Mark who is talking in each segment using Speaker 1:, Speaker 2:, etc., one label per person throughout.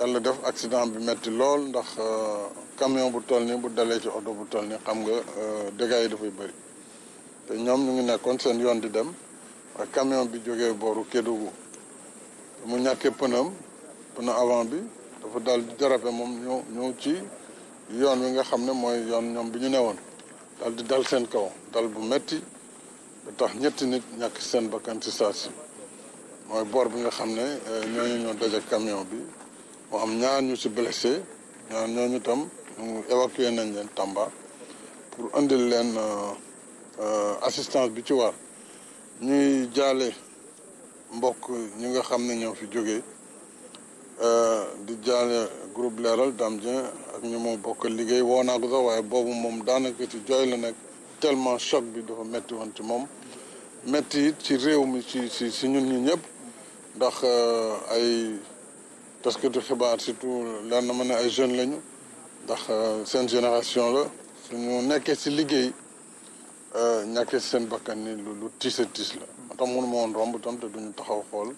Speaker 1: yàlla def accident bi metti lool ndax euh, camion bu toll nii bu dalee ci oto bu toll nii xam nga euh, dégâts yi dafay bëri te ñoom ñu ngi nekkoon seen yoon di dem waaye camion bi jógee booru Kédougou mu ñàkkee pënam pneu avant bi dafa dal di jarape moom ñëw ci yoon wi nga xam ne mooy yoon ñoom bi ñu newoon dal di dal seen kaw dal bu metti ba tax ñetti nit ñàkk seen bakkan ci saa si mooy boor bi nga xam ne euh, ñooñu ñoo daje camion bi mu am ñaar ñu si blessé ñaar ñooñu tam ñu évacué nañ leen Tamba pour indil leen euh, euh, assistance bi ci waar ñuy jaale mbokk ñu nga xam ne ñoo fi jógee euh, di jaale groupe Leral Dame Dieng ak ñu moo bokk liggéey woo naa ko sax waaye boobu moom daanaka ci jooy la nekk tellement choc bi dafa métti woon ci moom metti it ci réew mi ci ci si ñun ñi ñëpp ndax ay parce que taskatu xibaar surtout leer na ma ne ay jeunes lañu ndax euh, seen génération la suñu nekkee si liggéey euh, ñàkkee si seen bakkan ni lu lu tiis la ma tax mënu romb tam te duñu taxaw xool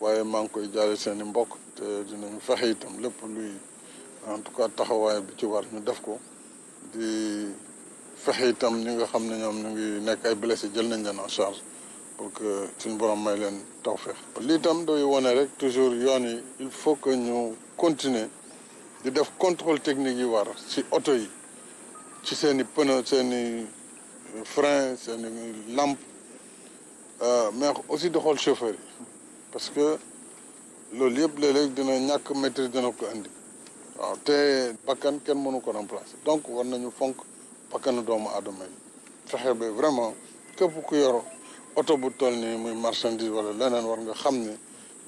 Speaker 1: waaye maa ngi koy jaale seen i mbokk te dinañu fexe itam lépp luy en tout cas taxawaay bi ci war ñu def ko di fexe itam ñi nga xam ne ñoom ñu ngi nekk ay blessé jël nañ leen en charge pour que suñu borom may leen tawfeex lii tam dooy wone rek toujours yoon yi il faut que ñu continuer di def contrôle technique yi war si oto yi ci seen i pneu seen i euh, frein seeni i lampe euh, mais aussi di xool chauffeur yi parce que loolu yëpp léeg-léeg dina ñàkk maîtrise dina ko indi waaw te bakkan kenn mënu ko remplacer donc war nañu fonk bakkanu doomu aadama yi fexe ba vraiment képp ku yoro oto bu toll nii muy marchandise wala leneen war nga xam ne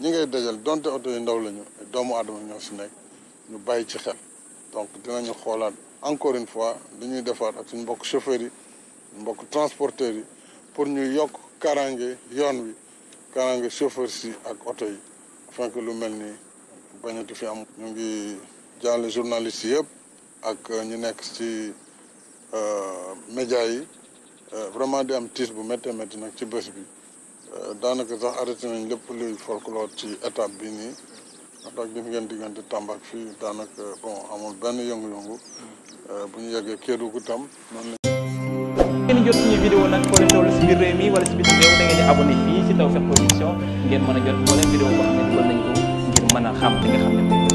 Speaker 1: ñi ngay dajal donte oto yu ndaw lañu doomu aadama ñoo si nekk ñu bàyyi ci xel donc dinañu xoolaat encore une fois dañuy ñuy ak suñu mbokk chauffeurs yi mbokk transporteurs yi pour ñu yokk karange yoon wi karange chauffeur si ak oto yi afin que lu mel ni bañati fi am ñu ngi jaale journalistes yëpp ak ñu nekk ci euh, média yi Euh, vraiment di am tiis bu méttee métti nag ci bés bi euh, daanaka sax arrêté nañ lëpp li folklore ci étape bi nii ndax gis ngeen diggante Tamba ak fii daanaka bon amul benn yëngu-yëngu euh, bu ñu yeggee Kédougou tam noonu la. jot suñu vidéo nag foo wala si biir a xam ne dugal xam